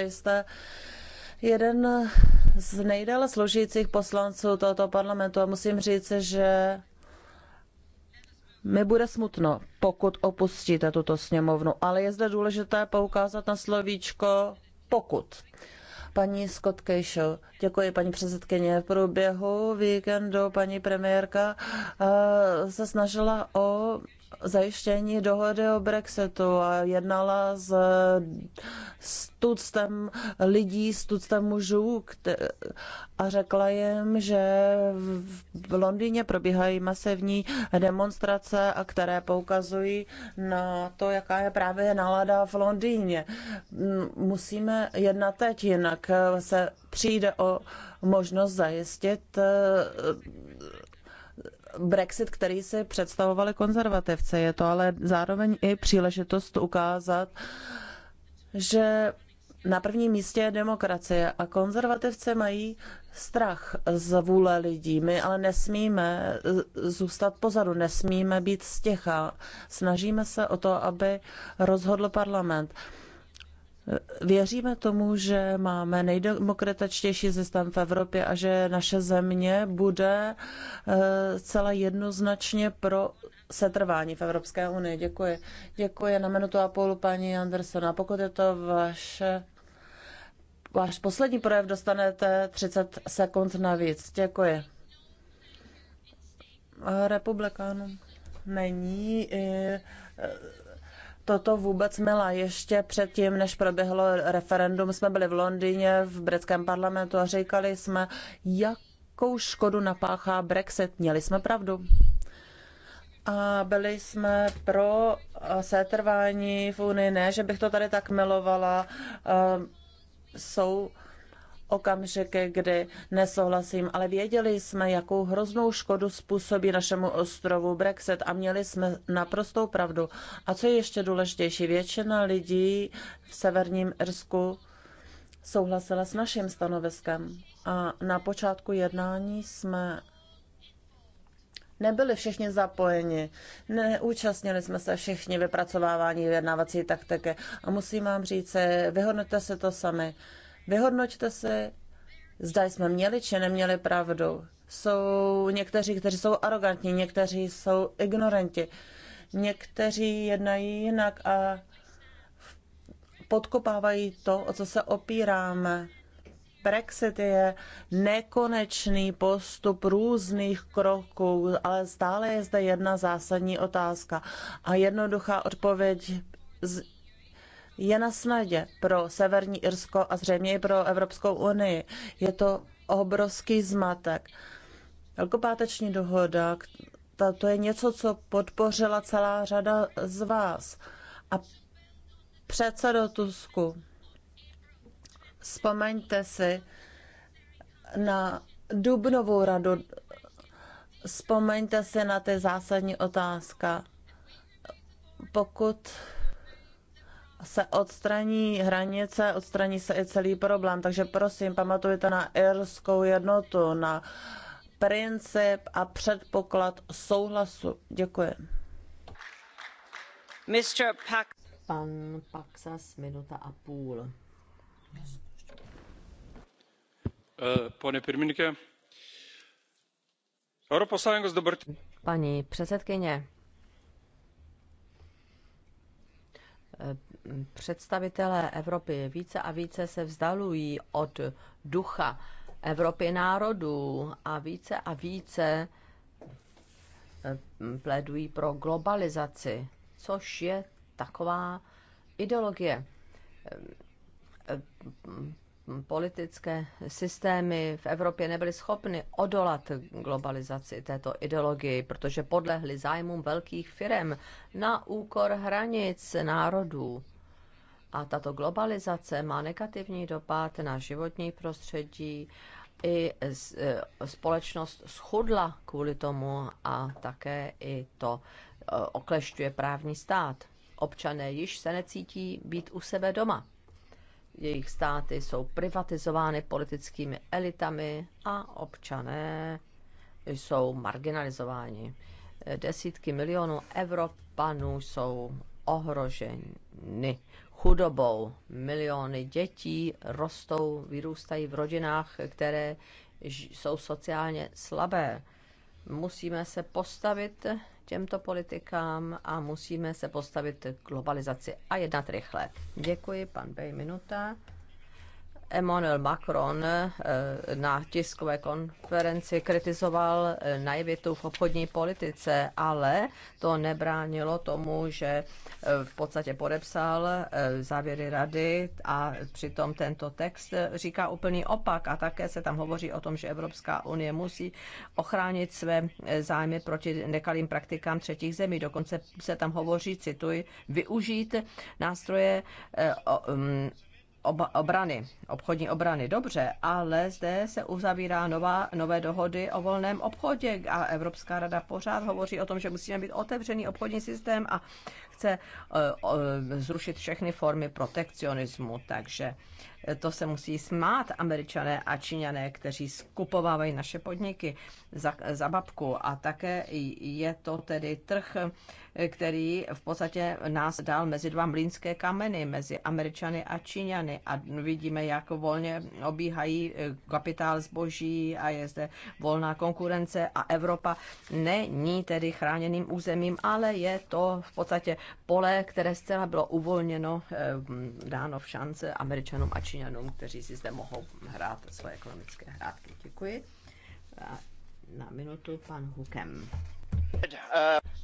jste jeden z nejdéle složících poslanců tohoto parlamentu a musím říct, že mi bude smutno, pokud opustíte tuto sněmovnu, ale je zde důležité poukázat na slovíčko pokud. Paní Scott Kejšel, děkuji paní předsedkyně. V průběhu víkendu paní premiérka eh, se snažila o zajištění dohody o Brexitu a jednala s, s tuctem lidí, s tuctem mužů a řekla jim, že v Londýně probíhají masivní demonstrace, a které poukazují na to, jaká je právě nálada v Londýně. Musíme jednat teď, jinak se přijde o možnost zajistit eh, Brexit, který si představovali konzervativci. Je to ale zároveň i příležitost ukázat, že na prvním místě je demokracie a konzervativci mají strach z vůle lidí. My ale nesmíme zůstat pozadu, nesmíme být stěcha. Snažíme se o to, aby rozhodl parlament. Věříme tomu, že máme nejdemokratičtější systém v Evropě a že naše země bude eh, celá jednoznačně pro setrvání v Evropské unii. Děkuji. Děkuji na minutu a půl paní Andersona. Pokud je to vaše váš poslední projev, dostanete 30 sekund navíc. Děkuji. Republikánům není eh, toto vůbec mila. Ještě předtím, než proběhlo referendum, jsme byli v Londýně v britském parlamentu a říkali jsme, jakou škodu napáchá Brexit. Měli jsme pravdu. A byli jsme pro setrvání v Unii, ne, že bych to tady tak milovala. Ehm, jsou okamžiky, kdy nesouhlasím, ale věděli jsme, jakou hroznou škodu způsobí našemu ostrovu Brexit a měli jsme naprostou pravdu. A co je ještě důležitější, většina lidí v severním Irsku souhlasila s naším stanoviskem. A na počátku jednání jsme nebyli všichni zapojeni, neúčastnili jsme se všichni vypracovávání vyjednávací taktiky. A musím vám říct, vyhodnete se to sami. Vyhodnoťte si, zda jsme měli či neměli pravdu. Jsou někteří, kteří jsou arrogantní, někteří jsou ignoranti, někteří jednají jinak a podkopávají to, o co se opíráme. Brexit je nekonečný postup různých kroků, ale stále je zde jedna zásadní otázka. A jednoduchá odpověď je na snadě pro Severní Irsko a zřejmě i pro Evropskou unii. Je to obrovský zmatek. Velkopáteční dohoda, to je něco, co podpořila celá řada z vás. A předsedo Tusku, vzpomeňte si na Dubnovou radu, vzpomeňte si na ty zásadní otázka. Pokud se odstraní hranice, odstraní se i celý problém. Takže prosím, pamatujte na irskou jednotu, na princip a předpoklad souhlasu. Děkuji. Mr. Pak... Pan Paxas, minuta a půl. Eh, pane Paní předsedkyně, představitelé Evropy více a více se vzdalují od ducha Evropy národů a více a více eh, plédují pro globalizaci, což je taková ideologie eh, eh, politické systémy v Evropě nebyly schopny odolat globalizaci této ideologii, protože podlehly zájmům velkých firm na úkor hranic národů. A tato globalizace má negativní dopad na životní prostředí i e, společnost schudla kvůli tomu a také i to e, oklešťuje právní stát. Občané již se necítí být u sebe doma jejich státy jsou privatizovány politickými elitami a občané jsou marginalizováni. Desítky milionů Evropanů jsou ohroženy chudobou. Miliony dětí rostou, vyrůstají v rodinách, které jsou sociálně slabé. Musíme se postavit těmto politikám a musíme se postavit globalizaci a jednat rychle. Děkuji, pan Bej, minuta. Emmanuel Macron eh, na tiskové konferenci kritizoval eh, najvětu v obchodní politice, ale to nebránilo tomu, že eh, v podstatě podepsal závěry rady a přitom tento text říká úplný opak a také se tam hovoří o tom, že Evropská unie musí ochránit své zájmy proti nekalým praktikám třetích zemí. Dokonce se tam hovoří, cituji, využít nástroje mm, ob- obrany, obchodní obrany, dobře, ale zde se uzavírá nová, nové dohody o volném obchodě a Evropská rada pořád hovoří o tom, že musíme být otevřený obchodní systém a chce uh, uh, zrušit všechny formy protekcionismu, takže to se musí smát američané a číňané, kteří skupovávají naše podniky za, za babku. A také je to tedy trh, který v podstatě nás dal mezi dva mlínské kameny, mezi američany a číňany. A vidíme, jak volně obíhají eh, kapitál zboží a je zde volná konkurence a Evropa není tedy chráněným územím, ale je to v podstatě pole, které zcela bylo uvolněno, eh, dáno v šance američanům a číňanům. Číňanům, kteří si zde mohou hrát svoje ekonomické hrátky. Děkuji. A na minutu pan Hukem.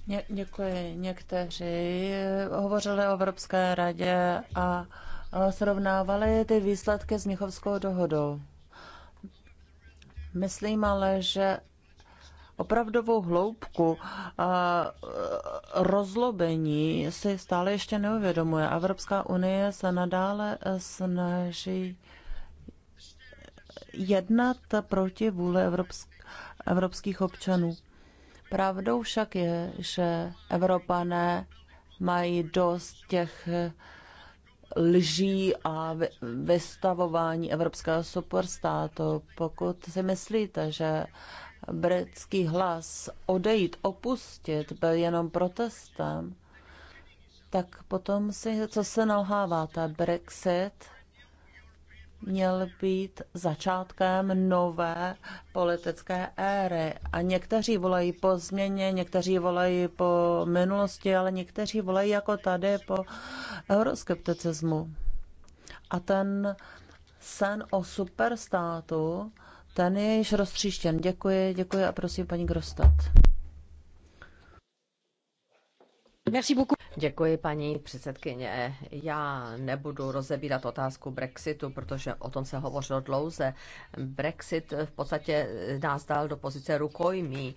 Ně, děkuji. Někteří eh, hovořili o Evropské radě a eh, srovnávali ty výsledky s Měchovskou dohodou. Myslím ale, že opravdovou hloubku a eh, rozlobení si stále ještě neuvědomuje. Evropská unie se nadále eh, snaží jednat proti vůli evropských občanů. Pravdou však je, že Evropané mají dost těch eh, lží a vystavování evropského superstátu. Pokud si myslíte, že britský hlas odejít, opustit, byl jenom protestem, tak potom si, co se nalháváte, Brexit měl být začátkem nové politické éry. A někteří volají po změně, někteří volají po minulosti, ale někteří volají jako tady po euroskepticismu. A ten sen o superstátu ten je již roztříštěn. Děkuji, děkuji a prosím paní Grostat. Děkuji, paní předsedkyně. Já nebudu rozebírat otázku Brexitu, protože o tom se hovořilo dlouze. Brexit v podstatě nás dal do pozice rukojmí.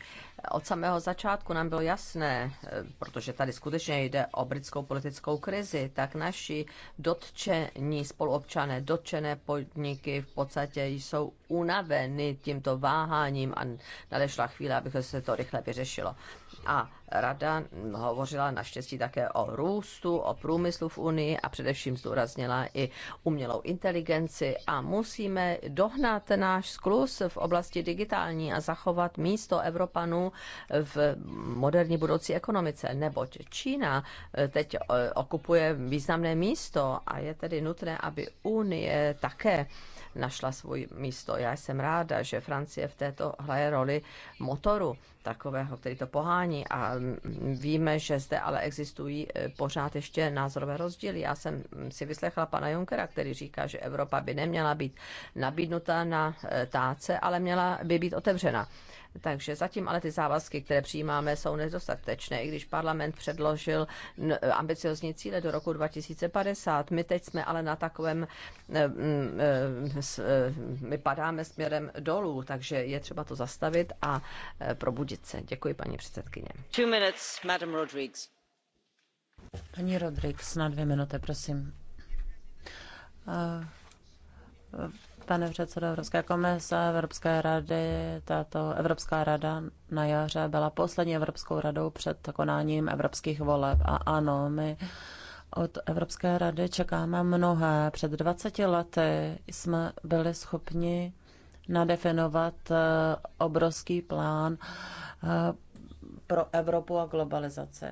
Od samého začátku nám bylo jasné, protože tady skutečně jde o britskou politickou krizi, tak naši dotčení spoluobčané, dotčené podniky v podstatě jsou unaveny tímto váháním a nadešla chvíle, aby se to rychle vyřešilo. A rada hovořila naštěstí také o růstu, o průmyslu v Unii a především zdůraznila i umělou inteligenci a musíme dohnat náš sklus v oblasti digitální a zachovat místo Evropanů v moderní budoucí ekonomice, neboť Čína eh, teď eh, okupuje významné místo a je tedy nutné, aby Unie také našla svůj místo. Já jsem ráda, že Francie v této hraje roli motoru takového, který to pohání a víme, že zde ale existují eh, pořád ještě názorové rozdíly. Já jsem si vyslechla pana Junckera, který říká, že Evropa by neměla být nabídnuta na eh, táce, ale měla by být otevřena takže zatím ale ty závazky, které přijímáme, jsou nedostatečné, i když parlament předložil ambiciozní cíle do roku 2050. My teď jsme ale na takovém, eh, mm, eh, eh, my padáme směrem dolů, takže je třeba to zastavit a probudit se. Děkuji, paní předsedkyně. Two minutes, Madam Rodriguez. Paní Rodriguez, na dvě minuty, prosím. Uh pane předsedo Evropské komise, Evropské rady, tato Evropská rada na jaře byla poslední Evropskou radou před konáním evropských voleb. A ano, my od Evropské rady čekáme mnohé. Před 20 lety jsme byli schopni nadefinovat eh, obrovský plán eh, pro Evropu a globalizaci.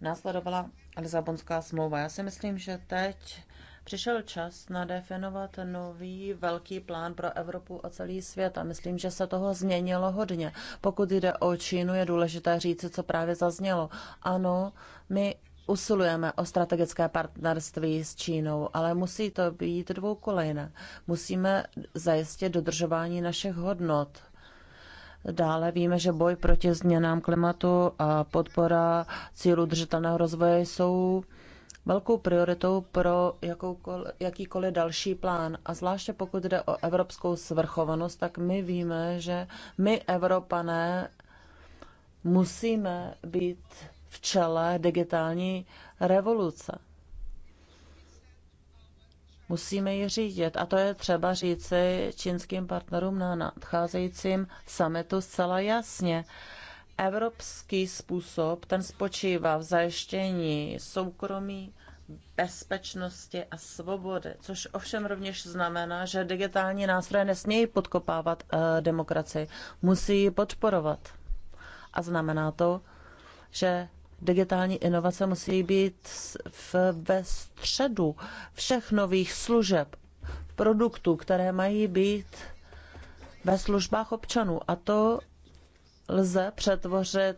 Následovala Lisabonská smlouva. Já si myslím, že teď Přišel čas nadefinovat nový velký plán pro Evropu a celý svět a myslím, že se toho změnilo hodně. Pokud jde o Čínu, je důležité říct, co právě zaznělo. Ano, my usilujeme o strategické partnerství s Čínou, ale musí to být dvoukolejné. Musíme zajistit dodržování našich hodnot. Dále víme, že boj proti změnám klimatu a podpora cílů držitelného rozvoje jsou velkou prioritou pro jakýkoliv další plán. A zvláště pokud jde o evropskou svrchovanost, tak my víme, že my, Evropané, musíme být v čele digitální revoluce. Musíme ji řídit a to je třeba říci čínským partnerům na nadcházejícím summitu zcela jasně. Evropský způsob, ten spočívá v zajištění soukromí bezpečnosti a svobody, což ovšem rovněž znamená, že digitální nástroje nesmějí podkopávat eh, demokracii, musí ji podporovat. A znamená to, že digitální inovace musí být v, ve středu všech nových služeb, produktů, které mají být ve službách občanů. A to lze přetvořit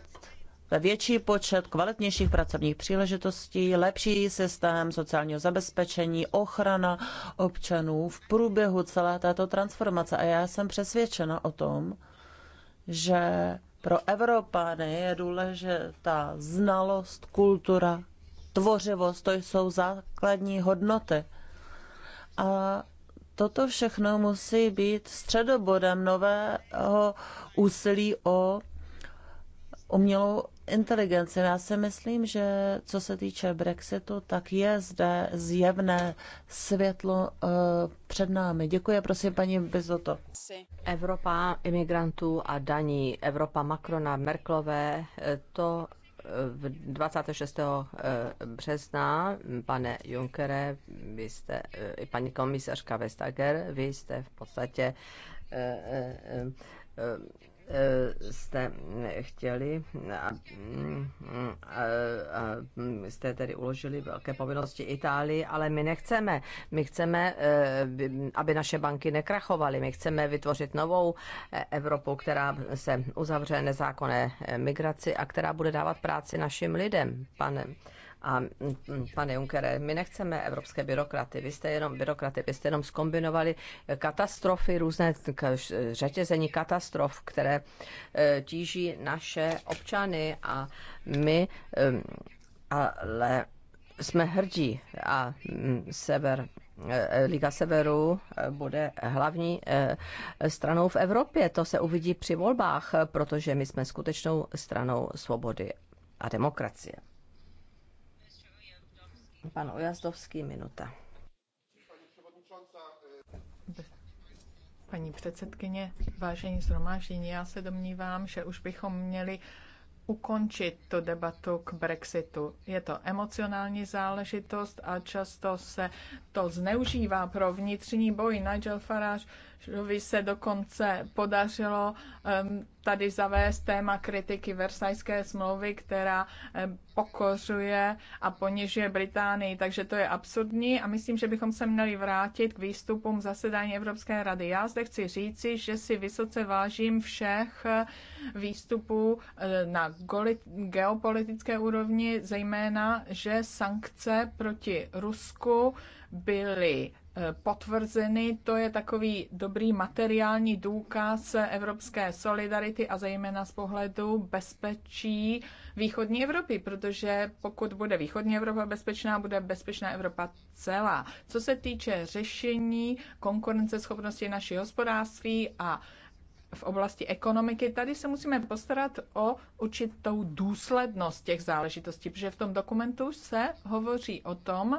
ve větší počet kvalitnějších pracovních příležitostí, lepší systém sociálního zabezpečení, ochrana občanů v průběhu celé této transformace. A já jsem přesvědčena o tom, že pro Evropány je důležitá znalost, kultura, tvořivost, to jsou základní hodnoty. A toto všechno musí být středobodem nového úsilí o umělou Inteligence Já si myslím, že co se týče Brexitu, tak je zde zjevné světlo eh, před námi. Děkuji, prosím, paní Bizoto. Evropa imigrantů a daní, Evropa Macrona, Merklové, eh, to 26. Eh, března, pane Junkere, vy jste, i paní komisařka Vestager, vy jste v podstatě jste chtěli, a, a, a jste tedy uložili velké povinnosti Itálii, ale my nechceme. My chceme, eh, aby naše banky nekrachovaly. My chceme vytvořit novou Evropu, která se uzavře nezákonné migraci a která bude dávat práci našim lidem. Pane a mm, mm, pane Junkere, my nechceme evropské byrokraty, vy jste jenom byrokraty, vy jste jenom skombinovali katastrofy, různé řetězení katastrof, které e, tíží naše občany a my e, ale jsme hrdí a mm, sever e, Liga Severu bude hlavní stranou v Evropě. To se uvidí při volbách, protože my jsme skutečnou stranou svobody a demokracie. Pan Ojazdovský, minuta. Paní předsedkyně, vážení zhromáždění, já se domnívám, že už bychom měli ukončit tu debatu k Brexitu. Je to emocionální záležitost a často se to zneužívá pro vnitřní boj. Nigel Farage Šrovi se dokonce podařilo tady zavést téma kritiky Versajské smlouvy, která pokořuje a ponižuje Británii. Takže to je absurdní a myslím, že bychom se měli vrátit k výstupům zasedání Evropské rady. Já zde chci říci, že si vysoce vážím všech výstupů e, na geopolitické úrovni, zejména, že sankce proti Rusku byly Eh, potvrzeny. To je takový dobrý materiální důkaz evropské solidarity a zejména z pohledu bezpečí východní Evropy, protože pokud bude východní Evropa bezpečná, bude bezpečná Evropa celá. Co se týče řešení konkurenceschopnosti naší hospodářství a v oblasti ekonomiky, tady se musíme postarat o určitou důslednost těch záležitostí, protože v tom dokumentu se hovoří o tom,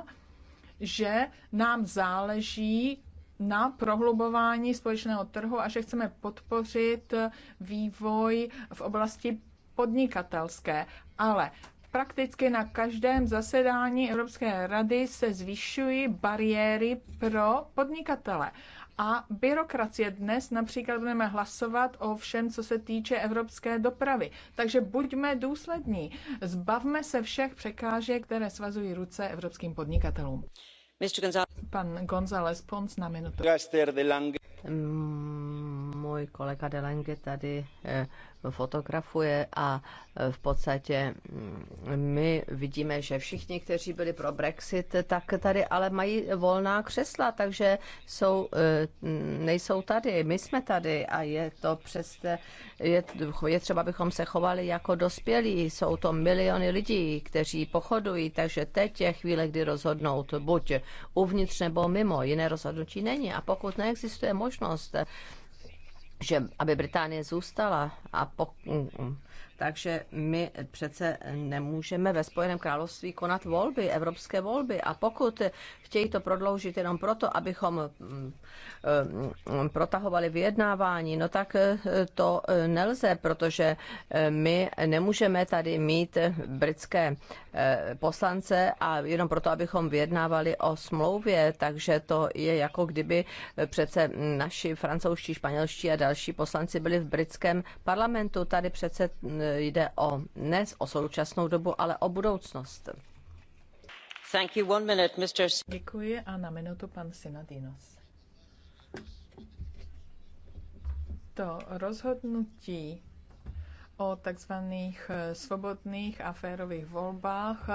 že nám záleží na prohlubování společného trhu a že chceme podpořit vývoj v oblasti podnikatelské. Ale prakticky na každém zasedání Evropské rady se zvyšují bariéry pro podnikatele a byrokracie. Dnes například budeme hlasovat o všem, co se týče evropské dopravy. Takže buďme důslední. Zbavme se všech překážek, které svazují ruce evropským podnikatelům. Pan González Pons na minutu můj kolega Delenge tady eh, fotografuje a eh, v podstatě mm, my vidíme, že všichni, kteří byli pro Brexit, tak tady ale mají volná křesla, takže jsou, eh, nejsou tady. My jsme tady a je to přes, je, je třeba, abychom se chovali jako dospělí. Jsou to miliony lidí, kteří pochodují, takže teď je chvíle, kdy rozhodnout buď uvnitř nebo mimo. Jiné rozhodnutí není. A pokud neexistuje možnost, že aby Británie zůstala a po, takže my přece nemůžeme ve Spojeném království konat volby, evropské volby. A pokud chtějí to prodloužit jenom proto, abychom mm, mm, protahovali vyjednávání, no tak eh, to eh, nelze, protože eh, my nemůžeme tady mít britské poslance a jenom proto, abychom vyjednávali o smlouvě, takže to je jako kdyby přece naši francouzští, španělští a další poslanci byli v britském parlamentu. Tady přece jde o ne o současnou dobu, ale o budoucnost. Thank you. One minute, Mr. Děkuji a na minutu pan Sinadinos. To rozhodnutí o takzvaných e, svobodných a férových volbách, e,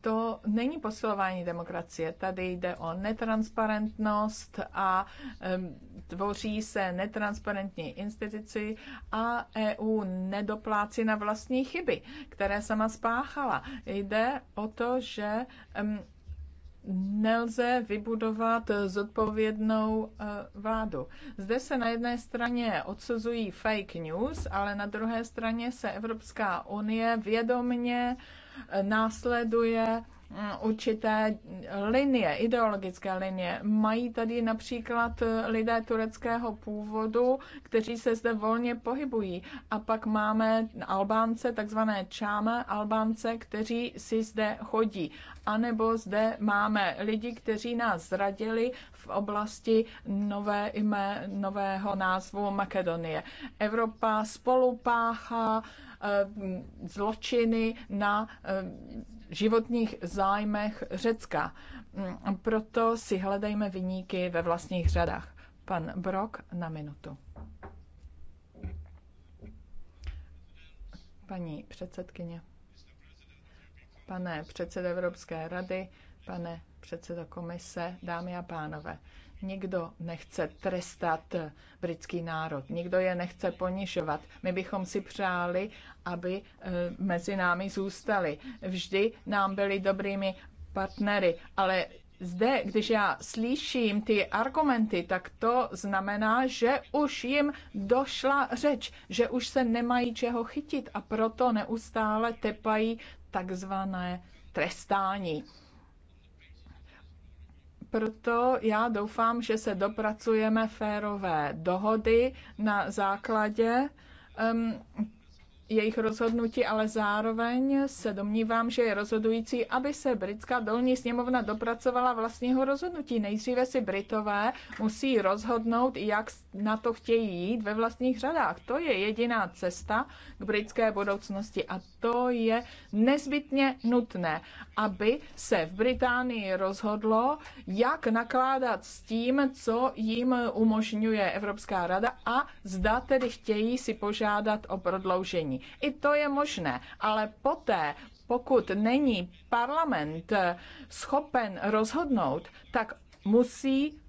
to není posilování demokracie. Tady jde o netransparentnost a e, tvoří se netransparentní instituci a EU nedoplácí na vlastní chyby, které sama spáchala. Jde o to, že nelze vybudovat zodpovědnou eh, vládu. Zde se na jedné straně odsuzují fake news, ale na druhé straně se Evropská unie vědomně eh, následuje Mm, určité linie, ideologické linie. Mají tady například eh, lidé tureckého původu, kteří se zde volně pohybují. A pak máme Albánce, takzvané čáme Albánce, kteří si zde chodí. A nebo zde máme lidi, kteří nás zradili v oblasti nové ime, nového názvu Makedonie. Evropa spolupáchá eh, zločiny na eh, životních zájmech Řecka. Mm, proto si hledejme vyníky ve vlastních řadách. Pan Brok na minutu. Paní předsedkyně, pane předseda Evropské rady, pane předsedo komise, dámy a pánové. Nikdo nechce trestat britský národ, nikdo je nechce ponižovat. My bychom si přáli, aby eh, mezi námi zůstali. Vždy nám byli dobrými partnery, ale zde, když já slyším ty argumenty, tak to znamená, že už jim došla řeč, že už se nemají čeho chytit a proto neustále tepají takzvané trestání. Proto já doufám, že se dopracujeme férové dohody na základě um, jejich rozhodnutí, ale zároveň se domnívám, že je rozhodující, aby se britská dolní sněmovna dopracovala vlastního rozhodnutí. Nejdříve si Britové musí rozhodnout, jak na to chtějí jít ve vlastních řadách. To je jediná cesta k britské budoucnosti a to je nezbytně nutné, aby se v Británii rozhodlo, jak nakládat s tím, co jim umožňuje Evropská rada a zda tedy chtějí si požádat o prodloužení. I to je možné, ale poté pokud není parlament schopen rozhodnout, tak musí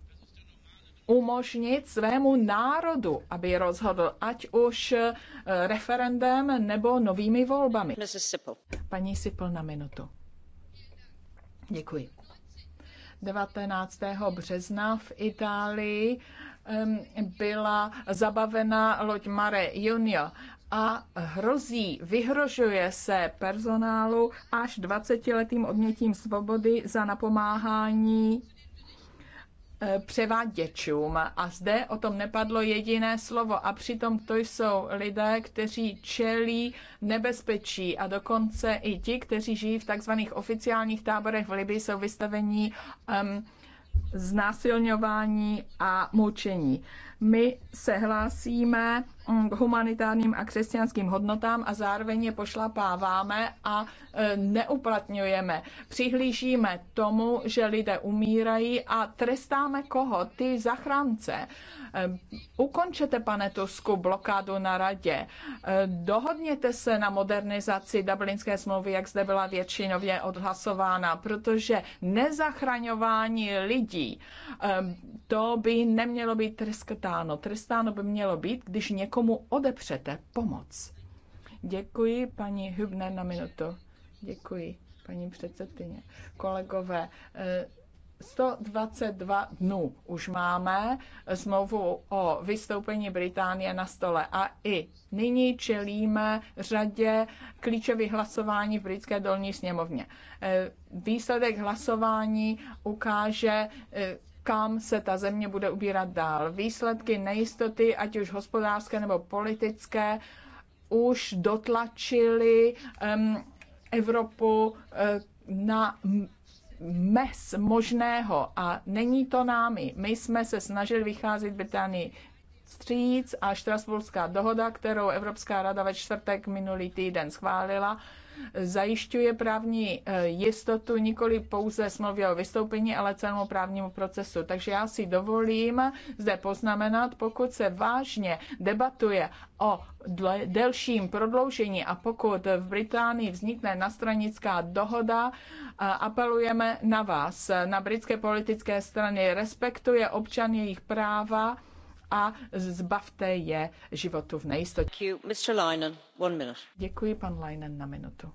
umožnit svému národu, aby rozhodl, ať už eh, referendem nebo novými volbami. Paní Sipl na minutu. Děkuji. 19. března v Itálii byla zabavena loď Mare Junior a hrozí, vyhrožuje se personálu až 20-letým odnětím svobody za napomáhání Eh, převáděčům A zde o tom nepadlo jediné slovo. A přitom to jsou lidé, kteří čelí nebezpečí. A dokonce i ti, kteří žijí v takzvaných oficiálních táborech v Libii, jsou vystavení um, znásilňování a mučení. My se hlásíme Mm, humanitárním a křesťanským hodnotám a zároveň je pošlapáváme a e, neuplatňujeme. Přihlížíme tomu, že lidé umírají a trestáme koho? Ty zachránce. E, ukončete, pane Tusku, blokádu na radě. E, dohodněte se na modernizaci Dublinské smlouvy, jak zde byla většinově odhlasována, protože nezachraňování lidí, to by nemělo být trestáno. Trestáno by mělo být, když někoho Komu odepřete pomoc. Děkuji, paní Hübner, na minutu. Děkuji, paní předsedkyně. Kolegové, 122 eh, dnů už máme smlouvu o vystoupení Británie na stole a i nyní čelíme řadě klíčových hlasování v britské dolní sněmovně. Eh, výsledek hlasování ukáže, eh, kam se ta země bude ubírat dál. Výsledky nejistoty, ať už hospodářské nebo politické, už dotlačily um, Evropu uh, na mes možného a není to námi. My jsme se snažili vycházet Británii stříc a Štrasburská dohoda, kterou Evropská rada ve čtvrtek minulý týden schválila, zajišťuje právní eh, jistotu nikoli pouze smlouvě o vystoupení, ale celému právnímu procesu. Takže já si dovolím zde poznamenat, pokud se vážně debatuje o delším prodloužení a pokud v Británii vznikne nastranická dohoda, eh, apelujeme na vás, na britské politické strany, respektuje občan jejich práva, a zbavte je životu v nejistotě. Děkuji, pan Leinen, na minutu.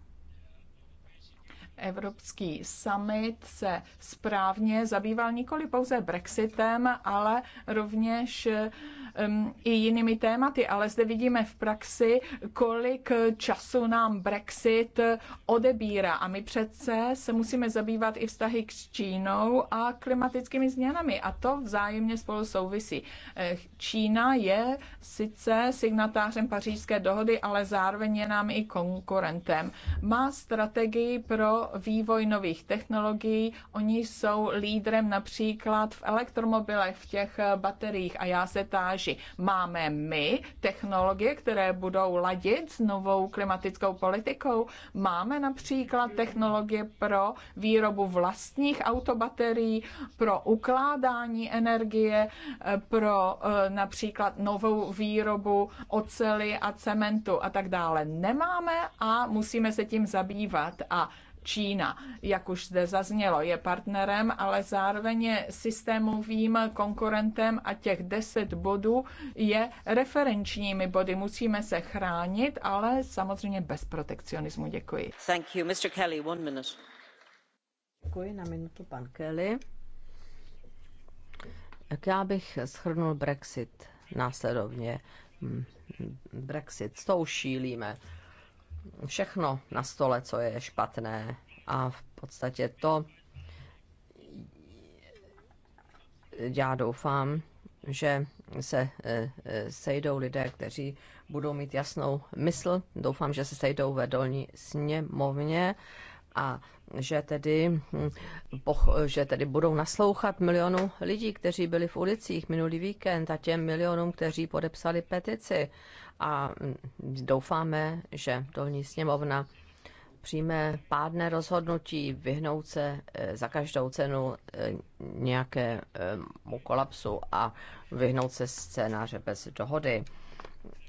Evropský summit se správně zabýval nikoli pouze Brexitem, ale rovněž Ehm, i jinými tématy, ale zde vidíme v praxi, kolik času nám Brexit odebírá. A my přece se musíme zabývat i vztahy k Čínou a klimatickými změnami. A to vzájemně spolu souvisí. Ehm, Čína je sice signatářem pařížské dohody, ale zároveň je nám i konkurentem. Má strategii pro vývoj nových technologií. Oni jsou lídrem například v elektromobilech, v těch bateriích. A já se táž, soutěži. Máme my technologie, které budou ladit s novou klimatickou politikou. Máme například technologie pro výrobu vlastních autobaterií, pro ukládání energie, eh, pro eh, například novou výrobu ocely a cementu a tak dále. Nemáme a musíme se tím zabývat. A Čína, jak už zde zaznělo, je partnerem, ale zároveň je systémovým konkurentem a těch 10 bodů je referenčními body. Musíme se chránit, ale samozřejmě bez protekcionismu. Děkuji. Thank you. Mr. Kelly, one minute. Děkuji na minutu, pan Kelly. Já bych shrnul Brexit následovně. Hmm, Brexit, s tou šílíme všechno na stole, co je špatné. A v podstatě to já doufám, že se eh, eh, sejdou lidé, kteří budou mít jasnou mysl. Doufám, že se sejdou ve dolní sněmovně a že tedy, hm, že tedy budou naslouchat milionu lidí, kteří byli v ulicích minulý víkend a těm milionům, kteří podepsali petici a mm, doufáme, že dolní sněmovna přijme pádné rozhodnutí vyhnout se e, za každou cenu e, nějakému e, kolapsu a vyhnout se scénáře bez dohody,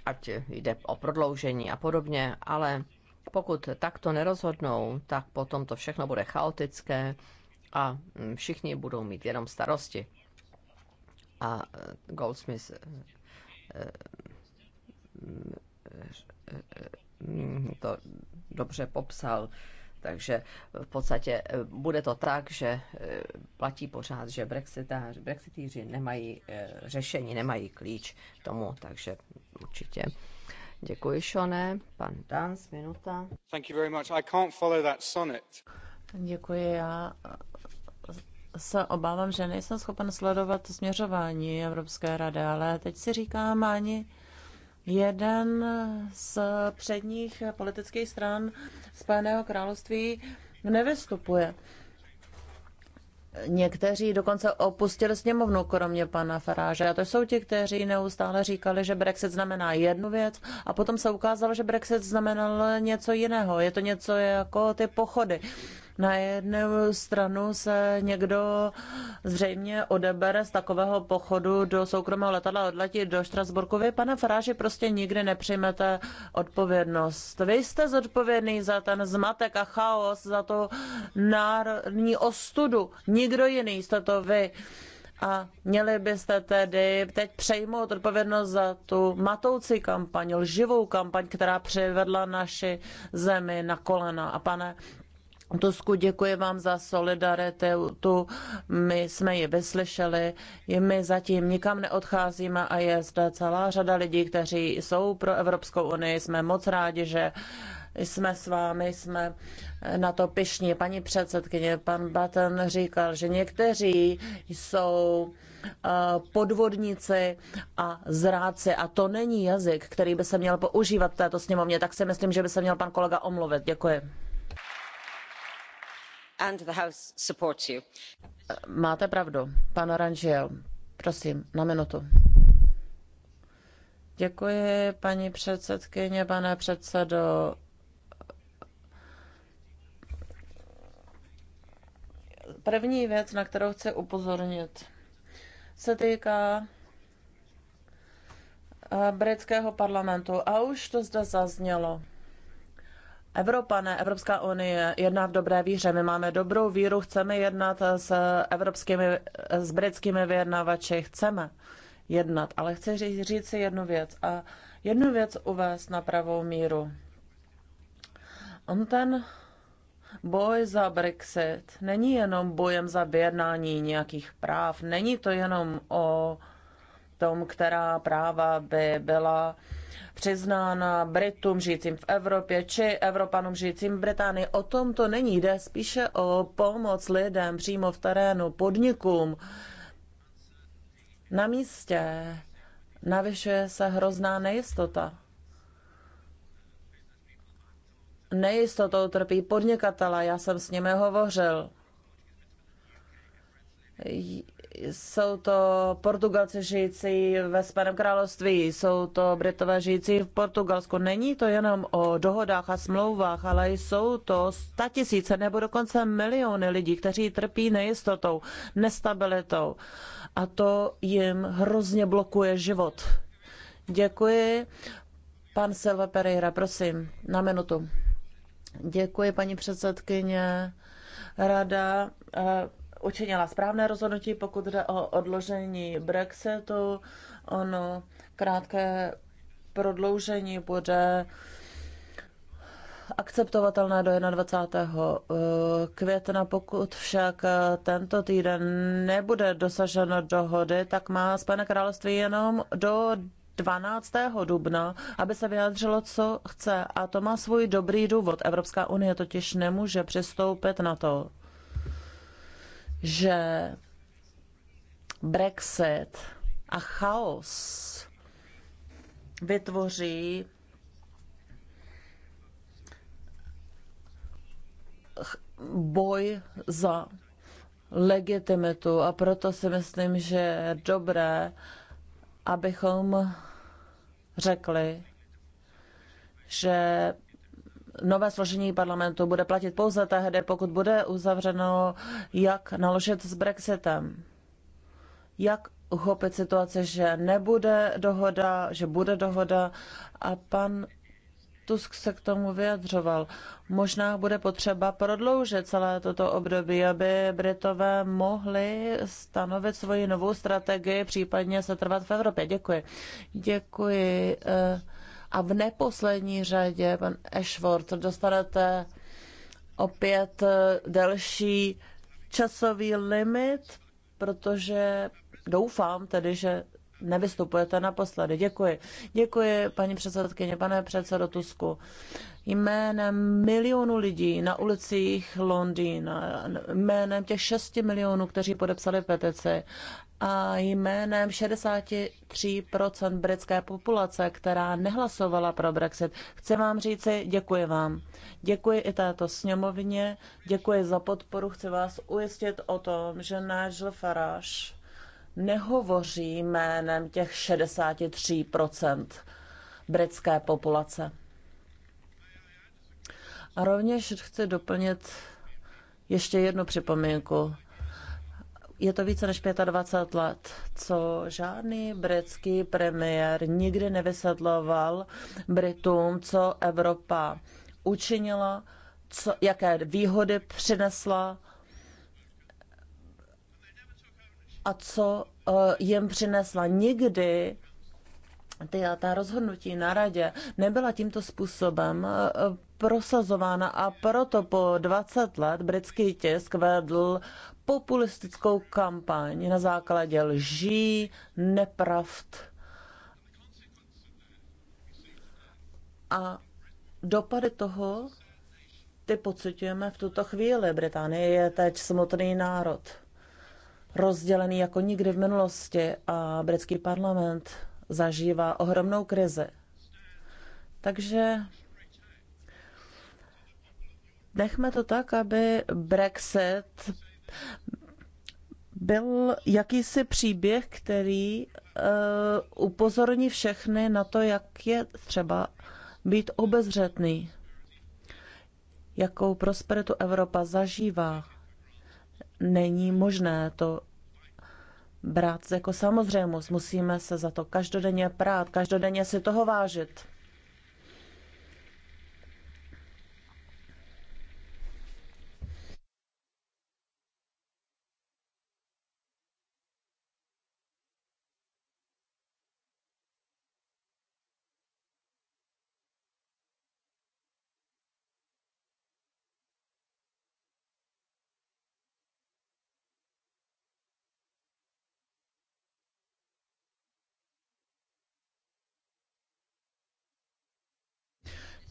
ať jde o prodloužení a podobně, ale pokud takto nerozhodnou, tak potom to všechno bude chaotické a mm, všichni budou mít jenom starosti. A Goldsmith Mm, to dobře popsal. Takže v podstatě eh, bude to tak, že eh, platí pořád, že brexitíři nemají eh, řešení, nemají klíč k tomu, takže určitě. Děkuji, Šone. Pan Dans, minuta. Thank you very much. I can't follow that sonnet. Děkuji, já se obávám, že nejsem schopen sledovat směřování Evropské rady, ale teď si říkám ani Jeden z předních politických stran Spojeného království nevystupuje. Někteří dokonce opustili sněmovnu, kromě pana Faráže. A to jsou ti, kteří neustále říkali, že Brexit znamená jednu věc a potom se ukázalo, že Brexit znamenal něco jiného. Je to něco jako ty pochody. Na jednu stranu se někdo zřejmě odebere z takového pochodu do soukromého letadla odletí do Štrasburku. Vy, pane Faráži, prostě nikdy nepřijmete odpovědnost. Vy jste zodpovědný za ten zmatek a chaos, za to národní ostudu. Nikdo jiný jste to vy. A měli byste tedy teď přejmout odpovědnost za tu matoucí kampaň, lživou kampaň, která přivedla naši zemi na kolena. A pane Tusku, děkuji vám za solidaritu. My jsme ji vyslyšeli. My zatím nikam neodcházíme a je zde celá řada lidí, kteří jsou pro Evropskou unii. Jsme moc rádi, že jsme s vámi, jsme na to pišní. Paní předsedkyně, pan Batten říkal, že někteří jsou eh, podvodníci a zráci. A to není jazyk, který by se měl používat v této sněmovně. Tak si myslím, že by se měl pan kolega omluvit. Děkuji. Máte pravdu, pan Aranžel. Prosím, na minutu. Děkuji, paní předsedkyně, pane předsedo. První věc, na kterou chci upozornit, se týká eh, britského parlamentu. A už to zde zaznělo ne Evropská unie jedná v dobré víře. My máme dobrou víru, chceme jednat s evropskými, s britskými vyjednavači, chceme jednat. Ale chci říct, říct si jednu věc a jednu věc uvést na pravou míru. On ten boj za Brexit není jenom bojem za vyjednání nějakých práv, není to jenom o tom, která práva by byla uh, přiznána Britům žijícím v Evropě či Evropanům žijícím v Británii. O tom to není, jde spíše o pomoc lidem přímo v terénu, podnikům na místě. Navyšuje se hrozná nejistota. Nejistotou trpí podnikatela. já jsem s nimi hovořil jsou to Portugalci žijící ve Spojeném království, jsou to Britové žijící v Portugalsku. Není to jenom o dohodách a smlouvách, ale jsou to statisíce nebo dokonce miliony lidí, kteří trpí nejistotou, nestabilitou. A to jim hrozně blokuje život. Děkuji. Pan Silva Pereira, prosím, na minutu. Děkuji, paní předsedkyně. Rada eh, učinila správné rozhodnutí, pokud jde o odložení Brexitu. Ono krátké prodloužení bude akceptovatelné do 21. Eh, května. Pokud však eh, tento týden nebude dosaženo dohody, tak má Spojené království jenom do 12. dubna, aby se vyjádřilo, co chce. A to má svůj dobrý důvod. Evropská unie totiž nemůže přistoupit na to, že Brexit a chaos vytvoří boj za legitimitu a proto si myslím, že je dobré, abychom řekli, že nové složení parlamentu bude platit pouze tehdy, pokud bude uzavřeno, jak naložit s Brexitem. Jak uchopit situace, že nebude dohoda, že bude dohoda a pan Tusk se k tomu vyjadřoval. Možná bude potřeba prodloužit celé toto období, aby Britové mohli stanovit svoji novou strategii, případně se trvat v Evropě. Děkuji. Děkuji. Eh, a v neposlední řadě, pan Ashworth, dostanete opět eh, delší časový limit, protože doufám tedy, že nevystupujete naposledy. Děkuji. Děkuji, paní předsedkyně, pane předsedo Tusku. Jménem milionu lidí na ulicích Londýna, jménem těch 6 milionů, kteří podepsali petici a jménem 63% britské populace, která nehlasovala pro Brexit. Chci vám říci, děkuji vám. Děkuji i této sněmovně, děkuji za podporu, chci vás ujistit o tom, že Nigel Farage nehovoří jménem těch 63% britské populace. A rovněž chci doplnit ještě jednu připomínku. Je to více než 25 let, co žádný britský premiér nikdy nevysvětloval Britům, co Evropa učinila, co, jaké výhody přinesla a co uh, jim přinesla. Nikdy ty, ta rozhodnutí na radě nebyla tímto způsobem eh, prosazována a proto po 20 let britský tisk vedl populistickou kampaň na základě lží, nepravd a dopady toho ty pocitujeme v tuto chvíli. Británie je teď smutný národ, rozdělený jako nikdy v minulosti a britský parlament zažívá ohromnou krizi. Takže nechme to tak, aby Brexit byl jakýsi příběh, který uh, upozorní všechny na to, jak je třeba být obezřetný, jakou prosperitu Evropa zažívá. Není možné to brát jako samozřejmost. Musíme se za to každodenně prát, každodenně si toho vážit.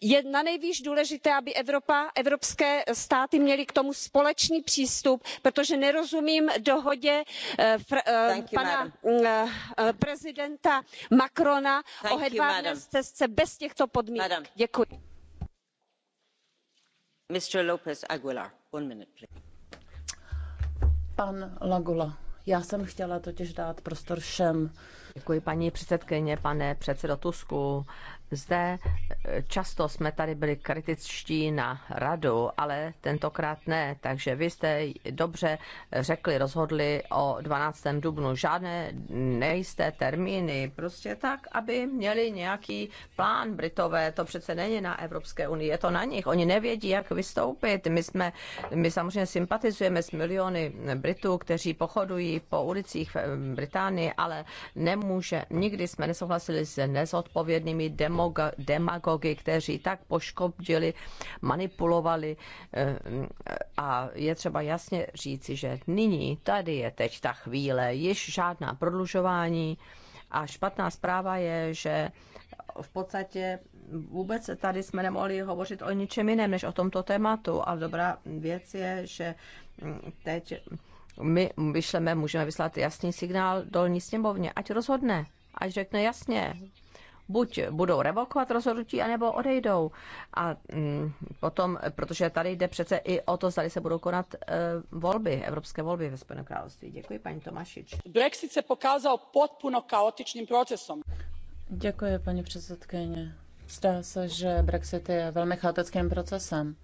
je nanejvýš důležité aby evropské státy měly k tomu společný přístup protože nerozumím dohodě eh, eh, pana eh, prezidenta macrona o hedvábné stezce bez těchto podmínek. děkuji. pan Lagula, já jsem chtěla totiž dát prostor všem Děkuji paní předsedkyně, pane předsedo Tusku. Zde eh, často jsme tady byli kritičtí na radu, ale tentokrát ne, takže vy jste dobře řekli, rozhodli o 12. dubnu. Žádné nejisté termíny, prostě tak, aby měli nějaký plán Britové. To přece není na Evropské unii, je to na nich. Oni nevědí, jak vystoupit. My, jsme, my samozřejmě sympatizujeme s miliony Britů, kteří pochodují po ulicích v Británii, ale nemůžeme že Nikdy jsme nesouhlasili s nezodpovědnými demoga, demagogy, kteří tak poškodili, manipulovali eh, a je třeba jasně říci, že nyní, tady je teď ta chvíle, již žádná prodlužování a špatná zpráva je, že v podstatě vůbec tady jsme nemohli hovořit o ničem jiném než o tomto tématu. A dobrá věc je, že mm, teď my vyšleme, můžeme vyslat jasný signál dolní sněmovně, ať rozhodne, ať řekne jasně, buď budou revokovat rozhodnutí, anebo odejdou. A mm, potom, protože tady jde přece i o to, zda se budou konat e, volby, evropské volby ve Spojeném království. Děkuji, paní Tomašič. Brexit se pokázal podpuno kaotičným procesem. Děkuji, paní předsedkyně. Zdá se, že Brexit je velmi chaotickým procesem.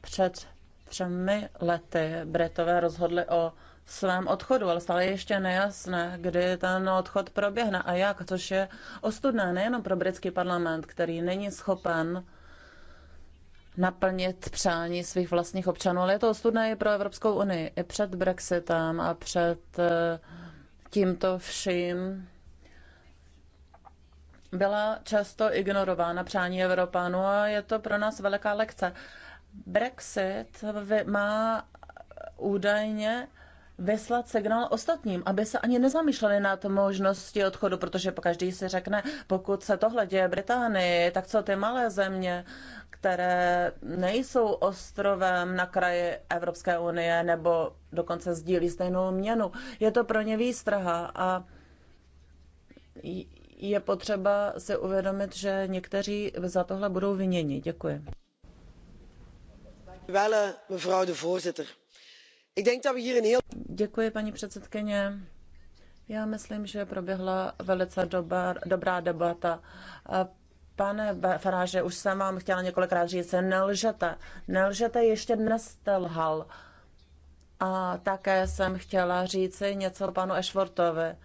Před třemi lety Britové rozhodli o svém odchodu, ale stále ještě nejasné, kdy ten odchod proběhne a jak, což je ostudné nejenom pro britský parlament, který není schopen naplnit přání svých vlastních občanů, ale je to ostudné i pro Evropskou unii. I před Brexitem a před eh, tímto vším byla často ignorována přání Evropanů a je to pro nás veliká lekce. Brexit má údajně vyslat signál ostatním, aby se ani nezamýšleli nad možnosti odchodu, protože každý si řekne, pokud se tohle děje v Británii, tak co ty malé země, které nejsou ostrovem na kraji Evropské unie nebo dokonce sdílí stejnou měnu. Je to pro ně výstraha a je potřeba si uvědomit, že někteří za tohle budou vyněni. Děkuji. Děkuji, eh, mevrouw de voorzitter Děkuji, paní předsedkyně. Já myslím, že proběhla velice dobrá debata. Pane farage už jsem vám chtěla několikrát říct, nelžete. Nelžete, ještě dnes jste lhal. A také jsem chtěla říci něco panu ashworthovi.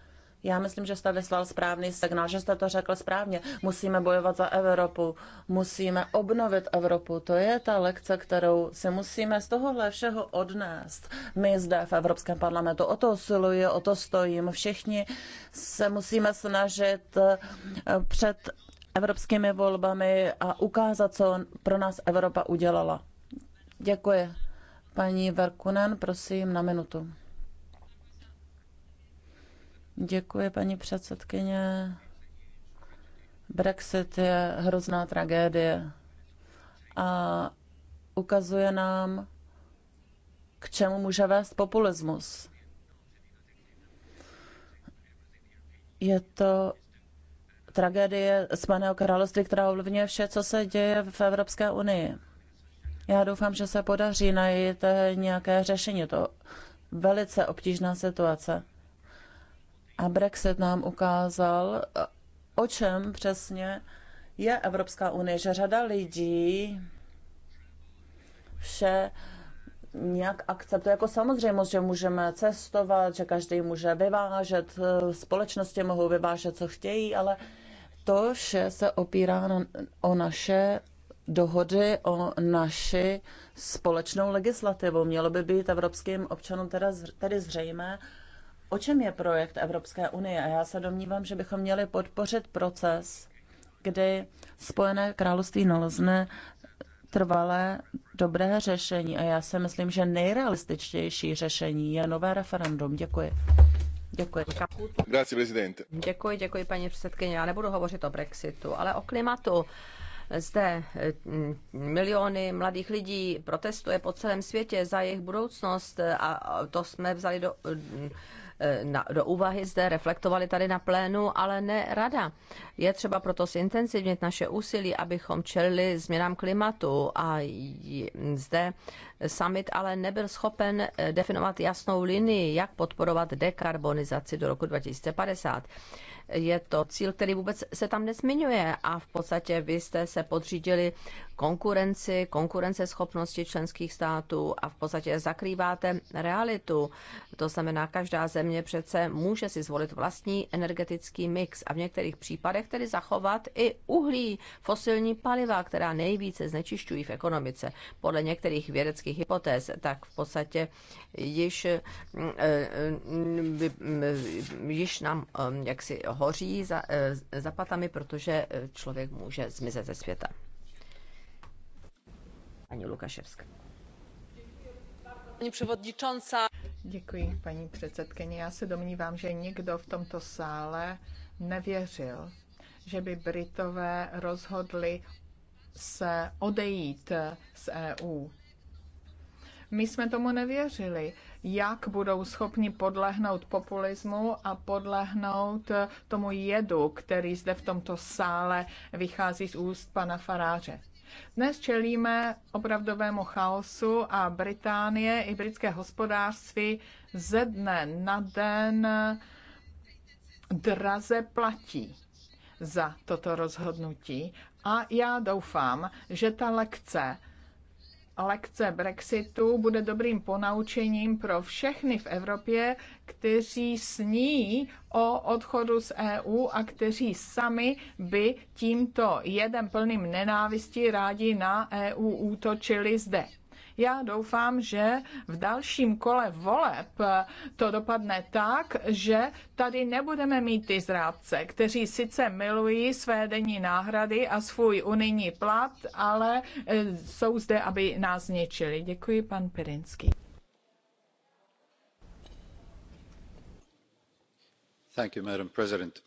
Já myslím, že jste vyslal správný signál, že jste to řekl správně. Musíme bojovat za Evropu, musíme obnovit Evropu. To je ta lekce, kterou si musíme z tohohle všeho odnést. My zde v Evropském parlamentu o to usiluji, o to stojím. Všichni se musíme snažit eh, před evropskými volbami a ukázat, co pro nás Evropa udělala. Děkuji. Paní Verkunen, prosím, na minutu. Děkuji, paní předsedkyně. Brexit je hrozná tragédie a ukazuje nám, k čemu může vést populismus. Je to tragédie Spojeného království, která ovlivňuje vše, co se děje v Evropské unii. Já doufám, že se podaří najít nějaké řešení. To velice obtížná situace. A Brexit nám ukázal, o čem přesně je Evropská unie, že řada lidí vše nějak akceptuje jako samozřejmost, že můžeme cestovat, že každý může vyvážet, společnosti mohou vyvážet, co chtějí, ale to vše se opírá na, o naše dohody, o naši společnou legislativu. Mělo by být evropským občanům teda, tedy zřejmé, O čem je projekt Evropské unie? A já se domnívám, že bychom měli podpořit proces, kdy Spojené království nalezne trvalé dobré řešení. A já si myslím, že nejrealističtější řešení je nové referendum. Děkuji. Děkuji. Grazie, prezidente. Děkuji, děkuji, paní předsedkyně. Já nebudu hovořit o Brexitu, ale o klimatu. Zde mm, miliony mladých lidí protestuje po celém světě za jejich budoucnost a to jsme vzali do, mm, Eh, na, do úvahy zde, reflektovali tady na plénu, ale ne rada. Je třeba proto zintenzivnit naše úsilí, abychom čelili změnám klimatu a zde summit ale nebyl schopen eh, definovat jasnou linii, jak podporovat dekarbonizaci do roku 2050. Je to cíl, který vůbec se tam nezmiňuje a v podstatě vy jste se podřídili konkurenci, konkurenceschopnosti členských států a v podstatě zakrýváte realitu. To znamená, každá země přece může si zvolit vlastní energetický mix a v některých případech tedy zachovat i uhlí, fosilní paliva, která nejvíce znečišťují v ekonomice. Podle některých vědeckých hypotéz, tak v podstatě již, eh, eh, již nám eh, jaksi hoří za, za patami, protože člověk může zmizet ze světa paní předsedající. Děkuji, Já se domnívám, že nikdo v tomto sále nevěřil, že by Britové rozhodli se odejít z EU. My jsme tomu nevěřili, jak budou schopni podlehnout populismu a podlehnout tomu jedu, který zde v tomto sále vychází z úst pana Faráře. Dnes čelíme opravdovému chaosu a Británie i britské hospodářství ze dne na den draze platí za toto rozhodnutí. A já doufám, že ta lekce lekce Brexitu bude dobrým ponaučením pro všechny v Evropě, kteří sní o odchodu z EU a kteří sami by tímto jedem plným nenávisti rádi na EU útočili zde. Já doufám, že v dalším kole voleb to dopadne tak, že tady nebudeme mít ty zrádce, kteří sice milují své denní náhrady a svůj unijní plat, ale e, jsou zde, aby nás zničili. Děkuji, pan Pirinský. Thank you, Madam President.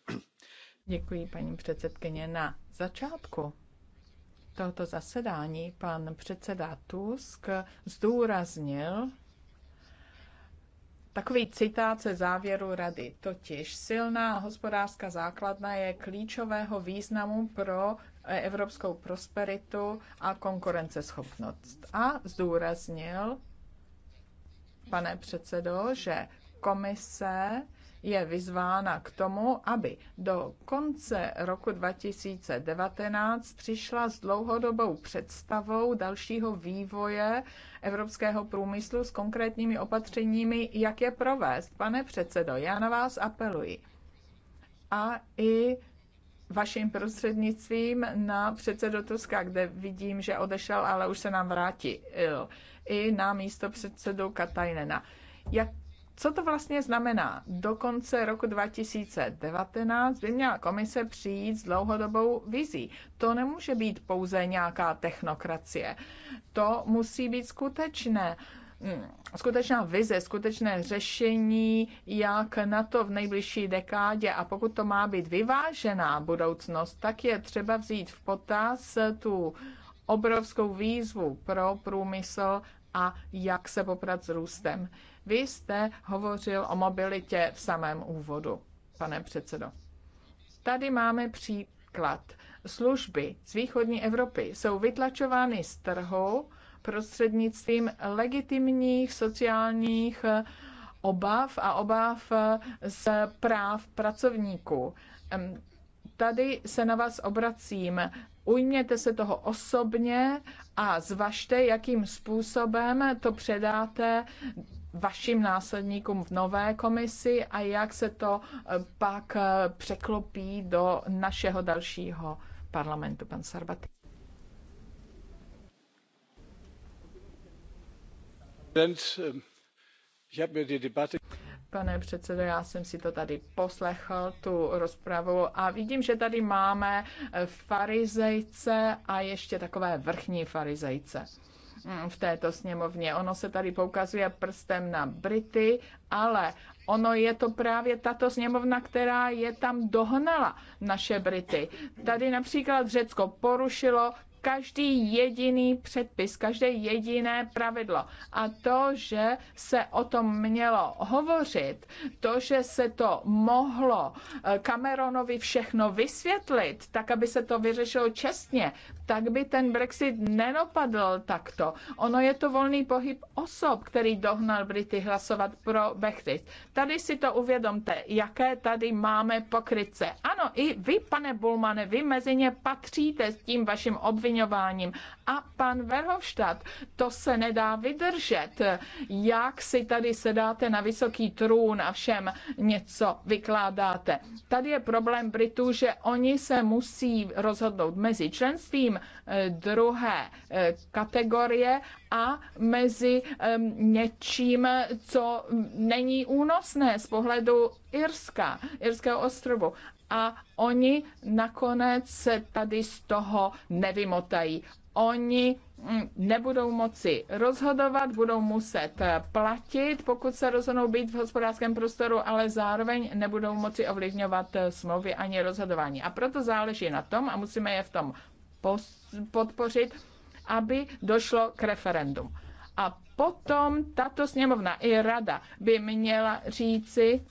Děkuji, paní předsedkyně. Na začátku tohoto zasedání pan předseda Tusk zdůraznil takový citát ze závěru rady, totiž silná hospodářská základna je klíčového významu pro evropskou prosperitu a konkurenceschopnost. A zdůraznil, pane předsedo, že komise je vyzvána k tomu, aby do konce roku 2019 přišla s dlouhodobou představou dalšího vývoje evropského průmyslu s konkrétními opatřeními, jak je provést. Pane předsedo, já na vás apeluji. A i vaším prostřednictvím na předsedu Tuska, kde vidím, že odešel, ale už se nám vrátil, i na místo předsedu Katajnena. Jak co to vlastně znamená? Do konce roku 2019 by měla komise přijít s dlouhodobou vizí. To nemůže být pouze nějaká technokracie. To musí být skutečné mm, skutečná vize, skutečné řešení, jak na to v nejbližší dekádě a pokud to má být vyvážená budoucnost, tak je třeba vzít v potaz tu obrovskou výzvu pro průmysl a jak se poprat s růstem. Vy jste hovořil o mobilitě v samém úvodu, pane předsedo. Tady máme příklad. Služby z východní Evropy jsou vytlačovány z trhu prostřednictvím legitimních sociálních obav a obav z práv pracovníků. Tady se na vás obracím. Ujměte se toho osobně a zvažte, jakým způsobem to předáte vašim následníkům v nové komisi a jak se to eh, pak eh, překlopí do našeho dalšího parlamentu, pan Sarbaty. Eh, Pane předsedo, já jsem si to tady poslechl, tu rozpravu, a vidím, že tady máme farizejce a ještě takové vrchní farizejce Mm, v této sněmovně. Ono se tady poukazuje prstem na Brity, ale ono je to právě tato sněmovna, která je tam dohnala naše Brity. Tady například Řecko porušilo každý jediný předpis, každé jediné pravidlo. A to, že se o tom mělo hovořit, to, že se to mohlo eh, Cameronovi všechno vysvětlit, tak aby se to vyřešilo čestně, tak by ten Brexit nenopadl takto. Ono je to volný pohyb osob, který dohnal Brity hlasovat pro Brexit. Tady si to uvědomte, jaké tady máme pokrytce. Ano, i vy, pane Bulmane, vy mezi ně patříte s tím vaším obvinováním. A pan Verhofstadt, to se nedá vydržet. Jak si tady sedáte na vysoký trůn a všem něco vykládáte. Tady je problém Britů, že oni se musí rozhodnout mezi členstvím režim eh, druhé eh, kategorie a mezi eh, něčím, co není únosné z pohledu Irska, Irského ostrovu. A oni nakonec se tady z toho nevymotají. Oni hm, nebudou moci rozhodovat, budou muset platit, pokud se rozhodnou být v hospodářském prostoru, ale zároveň nebudou moci ovlivňovat smlouvy ani rozhodování. A proto záleží na tom, a musíme je v tom podpořit, aby došlo k referendum. A potom tato sněmovna i rada by měla říci,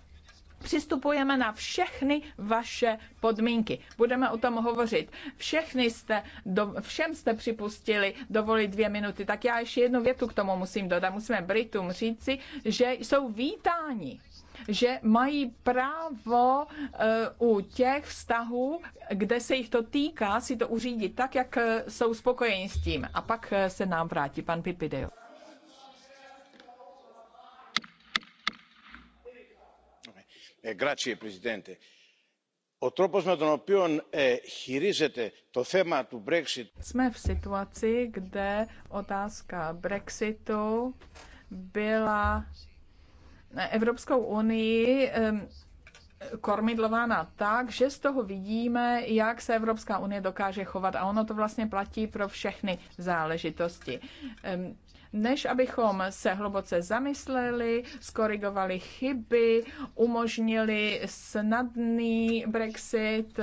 přistupujeme na všechny vaše podmínky. Budeme o tom hovořit. Všechny jste, do, všem jste připustili dovolit dvě minuty. Tak já ještě jednu větu k tomu musím dodat. Musíme Britům říci, že jsou vítáni že mají právo eh, u těch vztahů, kde se jich to týká, si to uřídit tak, jak eh, jsou spokojeni s tím. A pak eh, se nám vrátí pan Pipideo. Grazie, Presidente ο τρόπος με τον οποίο χειρίζεται το θέμα του Brexit. Jsme v situaci, kde otázka Brexitu byla Evropskou unii kormidlována tak, že z toho vidíme, jak se Evropská unie dokáže chovat a ono to vlastně platí pro všechny záležitosti. Než abychom se hluboce zamysleli, skorigovali chyby, umožnili snadný Brexit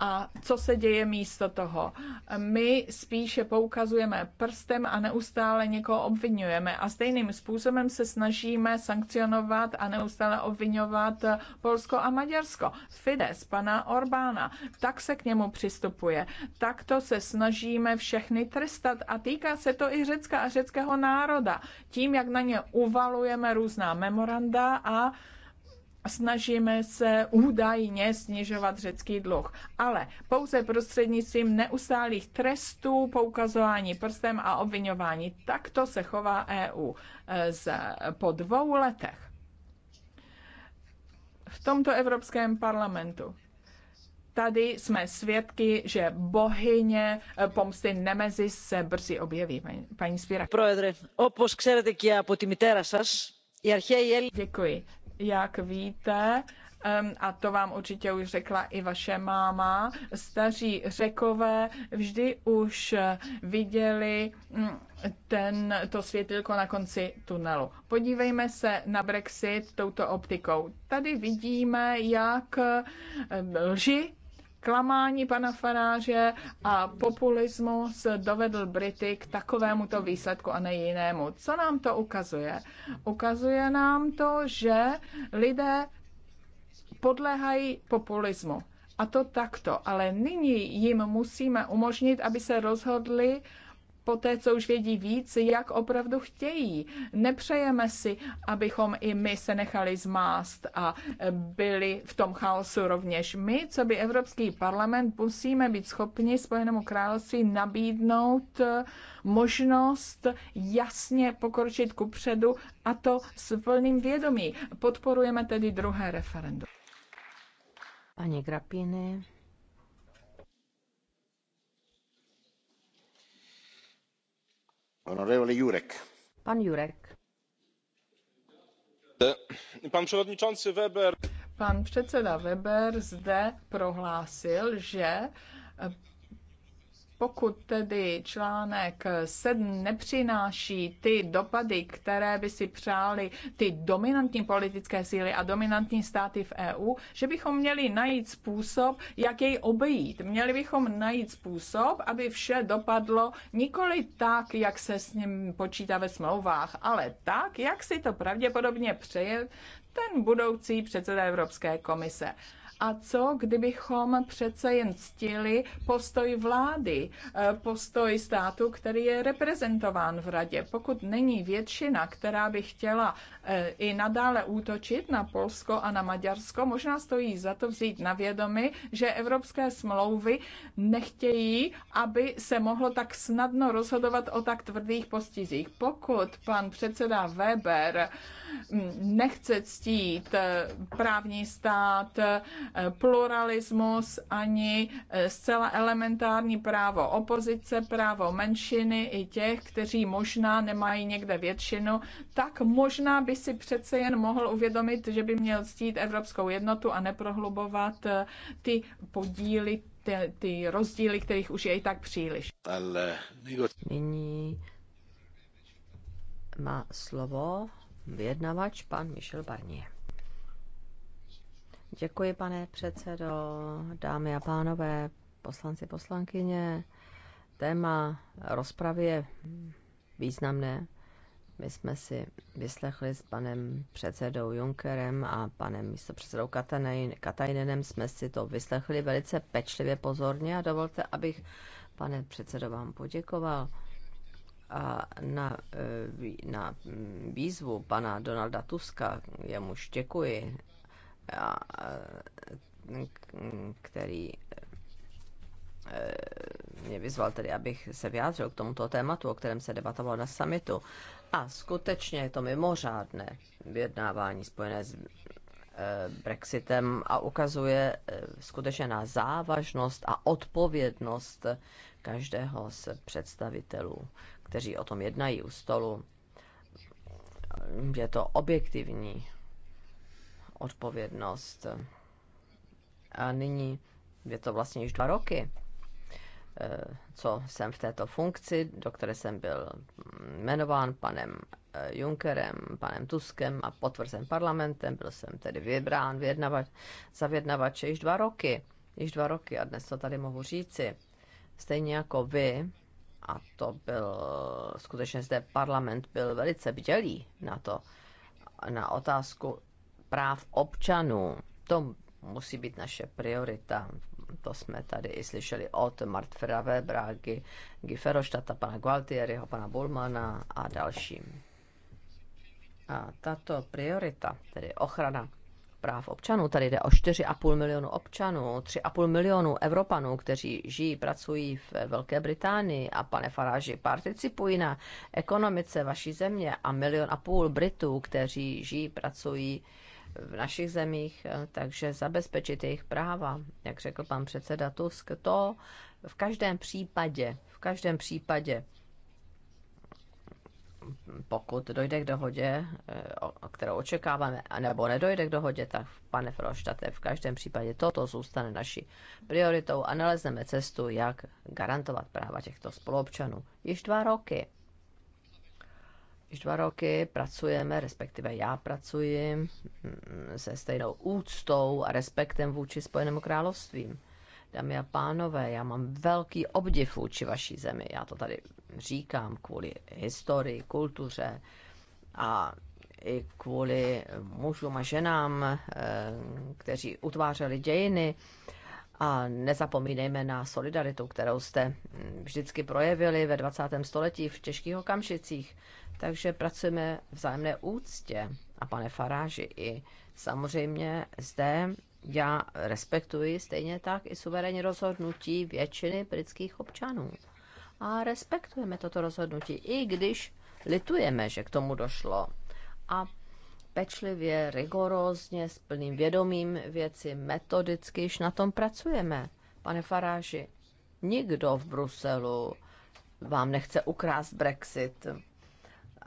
a co se děje místo toho. My spíše poukazujeme prstem a neustále někoho obvinujeme a stejným způsobem se snažíme sankcionovat a neustále obvinovat Polsko a Maďarsko. Fides, pana Orbána, tak se k němu přistupuje. Takto se snažíme všechny trestat a týká se to i Řecka a řeckého národa. Tím, jak na ně uvalujeme různá memoranda a snažíme se údajně snižovat řecký dluh. Ale pouze prostřednictvím neustálých trestů, poukazování prstem a obvinování. Takto se chová EU e, po dvou letech v tomto Evropském parlamentu tady jsme svědky, že bohyně eh, pomsty Nemezis se brzy objeví, paní Spira. Děkuji. Jak víte, a to vám určitě už řekla i vaše máma, staří řekové vždy už viděli mm, ten, to světilko na konci tunelu. Podívejme se na Brexit touto optikou. Tady vidíme, jak lži klamání pana Faráže a populismus dovedl Brity k takovémuto výsledku a ne jinému. Co nám to ukazuje? Ukazuje nám to, že lidé podléhají populismu. A to takto. Ale nyní jim musíme umožnit, aby se rozhodli po té, co už vědí víc, jak opravdu chtějí. Nepřejeme si, abychom i my se nechali zmást a byli v tom chaosu rovněž. My, co by Evropský parlament, musíme být schopni Spojenému království nabídnout možnost jasně pokročit ku předu a to s plným vědomí. Podporujeme tedy druhé referendum. Paní Grapiny. Honorable Jurek. Pan Jurek. Pan předsedající Weber. Pan předseda Weber zde prohlásil, že pokud tedy článek 7 nepřináší ty dopady, které by si přáli ty dominantní politické síly a dominantní státy v EU, že bychom měli najít způsob, jak jej obejít. Měli bychom najít způsob, aby vše dopadlo nikoli tak, jak se s ním počítá ve smlouvách, ale tak, jak si to pravděpodobně přeje ten budoucí předseda Evropské komise. A co, kdybychom přece jen ctili postoj vlády, e, postoj státu, který je reprezentován v radě? Pokud není většina, která by chtěla e, i nadále útočit na Polsko a na Maďarsko, možná stojí za to vzít na vědomí, že evropské smlouvy nechtějí, aby se mohlo tak snadno rozhodovat o tak tvrdých postizích. Pokud pan předseda Weber mm, nechce ctít e, právní stát, Eh, pluralismus, ani eh, zcela elementární právo opozice, právo menšiny i těch, kteří možná nemají někde většinu, tak možná by si přece jen mohl uvědomit, že by měl ctít evropskou jednotu a neprohlubovat eh, ty podíly, ty, ty rozdíly, kterých už je i tak příliš. Nyní má slovo vyjednavač pan Michel Barnier. Děkuji, pane předsedo, dámy a pánové, poslanci, poslankyně. Téma rozpravy je významné. My jsme si vyslechli s panem předsedou Junkerem a panem místopředsedou Katajnenem, jsme si to vyslechli velice pečlivě, pozorně a dovolte, abych, pane předsedo, vám poděkoval a na, e, na mm, výzvu pana Donalda Tuska, jemuž děkuji E, který e, mě vyzval tedy, abych se vyjádřil k tomuto tématu, o kterém se debatovalo na summitu. A skutečně je to mimořádné vyjednávání spojené s e, Brexitem a ukazuje skutečně na závažnost a odpovědnost každého z představitelů, kteří o tom jednají u stolu. Je to objektivní odpovědnost. A nyní je to vlastně již dva roky, eh, co jsem v této funkci, do které jsem byl jmenován panem eh, Junckerem, panem Tuskem a potvrzen parlamentem. Byl jsem tedy vybrán vyjednavač, za vědnavače již dva roky. Již dva roky a dnes to tady mohu říci. Stejně jako vy, a to byl, skutečně zde parlament byl velice bdělý na to, na otázku práv občanů. To musí být naše priorita. To jsme tady i slyšeli od Martfera Webera, Giferoštata, pana Gualtieriho, pana Bulmana a dalším. A tato priorita, tedy ochrana práv občanů, tady jde o 4,5 milionu občanů, 3,5 milionu Evropanů, kteří žijí, pracují v Velké Británii a pane Faráži participují na ekonomice vaší země a milion a půl Britů, kteří žijí, pracují v našich zemích, eh, takže zabezpečit jejich práva, jak řekl pan předseda Tusk, to v každém případě, v každém případě, pokud dojde k dohodě, eh, kterou očekáváme, nebo nedojde k dohodě, tak pane Froštate, v každém případě toto zůstane naší prioritou a nalezneme cestu, jak garantovat práva těchto spoluobčanů. Již dva roky Již dva roky pracujeme, respektive já pracuji mm, se stejnou úctou a respektem vůči Spojenému království. Dámy a pánové, já mám velký obdiv vůči vaší zemi. Já to tady říkám kvůli historii, kultuře a i kvůli mužům a ženám, eh, kteří utvářeli dějiny. A nezapomínejme na solidaritu, kterou jste mm, vždycky projevili ve 20. století v těžkých okamžicích. Takže pracujeme v zájemné úctě. A pane Faráži, i samozřejmě zde já respektuji stejně tak i suverénní rozhodnutí většiny britských občanů. A respektujeme toto rozhodnutí, i když litujeme, že k tomu došlo. A pečlivě, rigorózně, s plným vědomím věci, metodicky již na tom pracujeme. Pane Faráži, nikdo v Bruselu vám nechce ukrást Brexit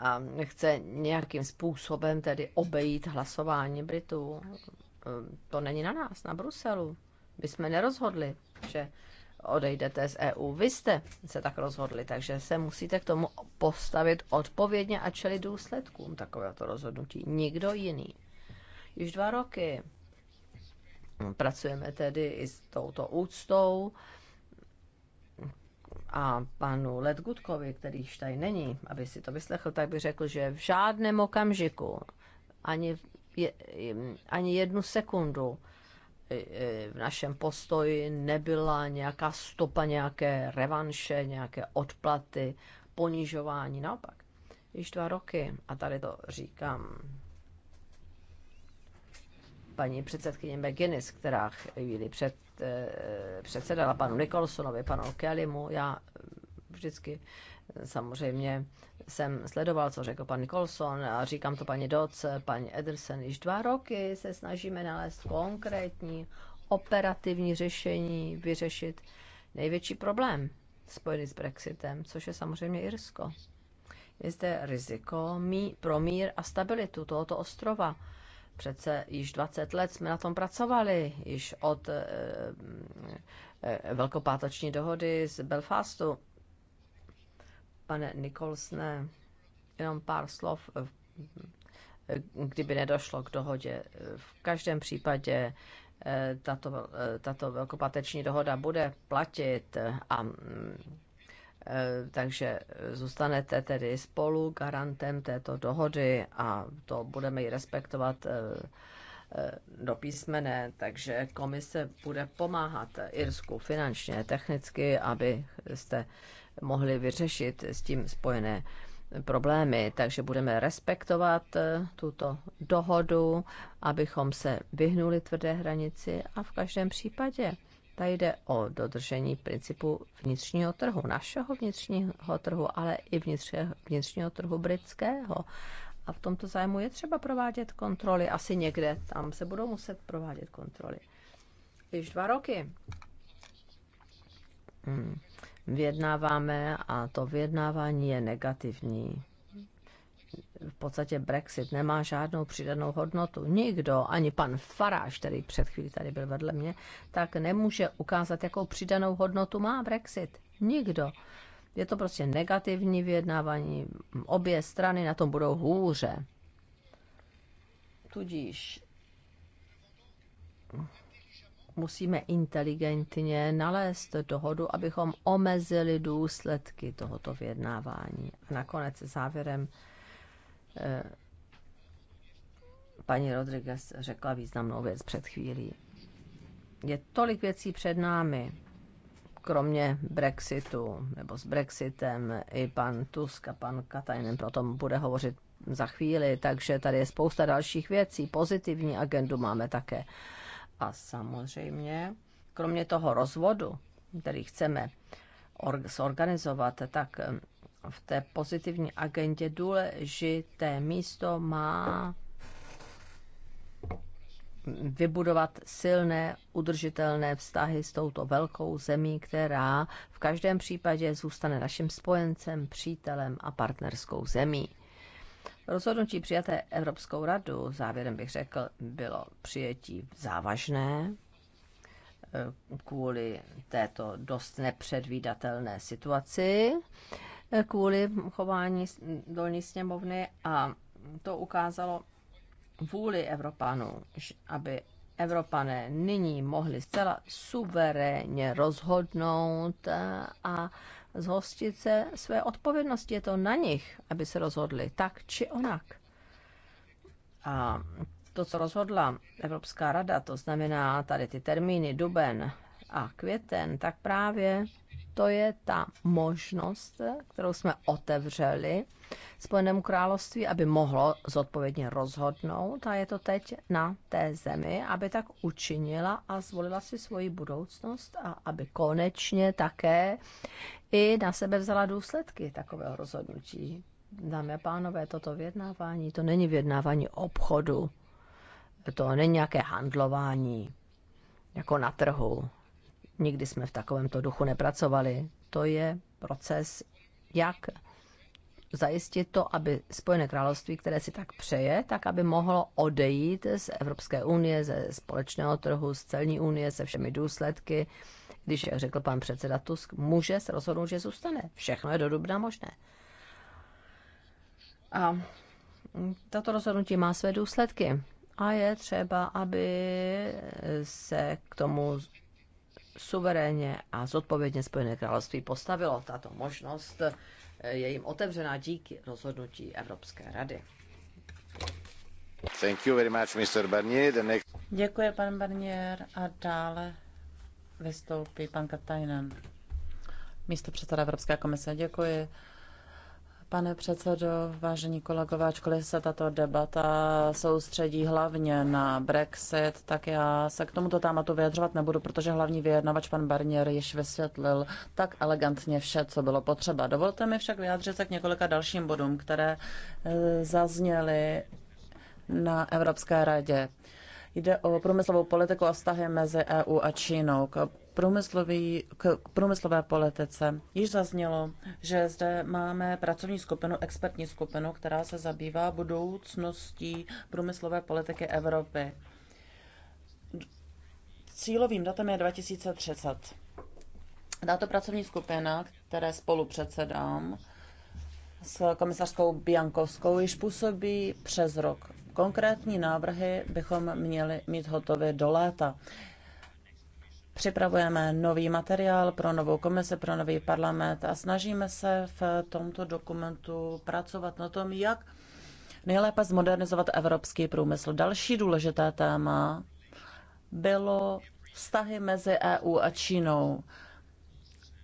a chce nějakým způsobem tedy obejít hlasování Britů. To není na nás, na Bruselu. My jsme nerozhodli, že odejdete z EU. Vy jste se tak rozhodli, takže se musíte k tomu postavit odpovědně a čelit důsledkům takovéhoto rozhodnutí. Nikdo jiný. Již dva roky pracujeme tedy i s touto úctou a panu Ledgutkovi, který již tady není, aby si to vyslechl, tak by řekl, že v žádném okamžiku, ani, je, ani jednu sekundu e, e, v našem postoji nebyla nějaká stopa nějaké revanše, nějaké odplaty, ponižování. Naopak, již dva roky, a tady to říkám paní předsedkyně McGuinness, která chvíli před Eh, předsedala panu Nikolsonovi, panu Kelimu. Já vždycky eh, samozřejmě jsem sledoval, co řekl pan Nicholson a říkám to paní Doc, paní Ederson. Již dva roky se snažíme nalézt konkrétní operativní řešení, vyřešit největší problém spojený s Brexitem, což je samozřejmě Irsko. Je zde riziko pro mír a stabilitu tohoto ostrova. Přece již 20 let jsme na tom pracovali, již od eh, eh, velkopáteční dohody z Belfastu. Pane Nikolsne, jenom pár slov, eh, kdyby nedošlo k dohodě. V každém případě tato, tato velkopáteční dohoda bude platit a mm, Eh, takže eh, zůstanete tedy spolu garantem této dohody a to budeme ji respektovat eh, do písmene, takže komise bude pomáhat Irsku finančně, technicky, abyste mohli vyřešit s tím spojené problémy, takže budeme respektovat tuto dohodu, abychom se vyhnuli tvrdé hranici a v každém případě Tady jde o dodržení principu vnitřního trhu, našeho vnitřního trhu, ale i vnitřního, vnitřního trhu britského. A v tomto zájmu je třeba provádět kontroly. Asi někde tam se budou muset provádět kontroly. Již dva roky mm, vyjednáváme a to vyjednávání je negativní v podstatě Brexit nemá žádnou přidanou hodnotu. Nikdo, ani pan Faráš, který před chvílí tady byl vedle mě, tak nemůže ukázat, jakou přidanou hodnotu má Brexit. Nikdo. Je to prostě negativní vyjednávání. Obě strany na tom budou hůře. Tudíž musíme inteligentně nalézt dohodu, abychom omezili důsledky tohoto vyjednávání. A nakonec závěrem Eh, paní Rodriguez řekla významnou věc před chvílí. Je tolik věcí před námi, kromě Brexitu, nebo s Brexitem, i pan Tusk a pan Katajnen tom bude hovořit za chvíli, takže tady je spousta dalších věcí, pozitivní agendu máme také. A samozřejmě, kromě toho rozvodu, který chceme zorganizovat, tak eh, v té pozitivní agendě důležité místo má vybudovat silné, udržitelné vztahy s touto velkou zemí, která v každém případě zůstane naším spojencem, přítelem a partnerskou zemí. Rozhodnutí přijaté Evropskou radu, závěrem bych řekl, bylo přijetí závažné eh, kvůli této dost nepředvídatelné situaci kvůli chování dolní sněmovny a to ukázalo vůli Evropanů, aby Evropané nyní mohli zcela suverénně rozhodnout a zhostit se své odpovědnosti. Je to na nich, aby se rozhodli tak či onak. A to, co rozhodla Evropská rada, to znamená tady ty termíny duben a květen, tak právě to je ta možnost, kterou jsme otevřeli Spojenému království, aby mohlo zodpovědně rozhodnout a je to teď na té zemi, aby tak učinila a zvolila si svoji budoucnost a aby konečně také i na sebe vzala důsledky takového rozhodnutí. Dámy a pánové, toto vyjednávání, to není vyjednávání obchodu, to není nějaké handlování, jako na trhu Nikdy jsme v takovémto duchu nepracovali. To je proces, jak zajistit to, aby Spojené království, které si tak přeje, tak aby mohlo odejít z Evropské unie, ze společného trhu, z celní unie, se všemi důsledky. Když, jak řekl pan předseda Tusk, může se rozhodnout, že zůstane. Všechno je do dubna možné. A tato rozhodnutí má své důsledky. A je třeba, aby se k tomu suverénně a zodpovědně Spojené království postavilo. Tato možnost eh, je jim otevřená díky rozhodnutí Evropské rady. Thank you very much, Mr. Barnier. The next... Děkuji, pan Barnier. A dále vystoupí pan Katajnen. Místo předseda Evropské komise. Děkuji. Pane předsedo, vážení kolegové, ačkoliv se tato debata soustředí hlavně na Brexit, tak já se k tomuto tématu vyjadřovat nebudu, protože hlavní vyjednavač pan Barnier již vysvětlil tak elegantně vše, co bylo potřeba. Dovolte mi však vyjádřit se k několika dalším bodům, které eh, zazněly na Evropské radě. Jde o průmyslovou politiku a vztahy mezi EU a Čínou. K, k průmyslové politice již zaznělo, že zde máme pracovní skupinu, expertní skupinu, která se zabývá budoucností průmyslové politiky Evropy. Cílovým datem je 2030. Tato pracovní skupina, které spolu předsedám, s komisařkou Biankovskou již působí přes rok. Konkrétní návrhy bychom měli mít hotové do léta. Připravujeme nový materiál pro novou komisi, pro nový parlament a snažíme se v tomto dokumentu pracovat na tom, jak nejlépe zmodernizovat evropský průmysl. Další důležité téma bylo vztahy mezi EU a Čínou.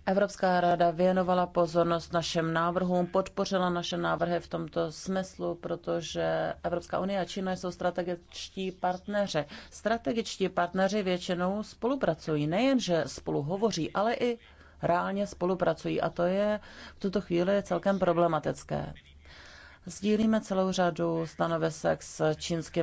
Evropská rada věnovala pozornost našem návrhům, podpořila naše návrhy v tomto smyslu, protože Evropská unie a Čína jsou strategičtí partneři. Strategičtí partneři většinou spolupracují, nejenže spolu hovoří, ale i reálně spolupracují a to je v tuto chvíli celkem problematické. Sdílíme celou řadu stanovisek s čínským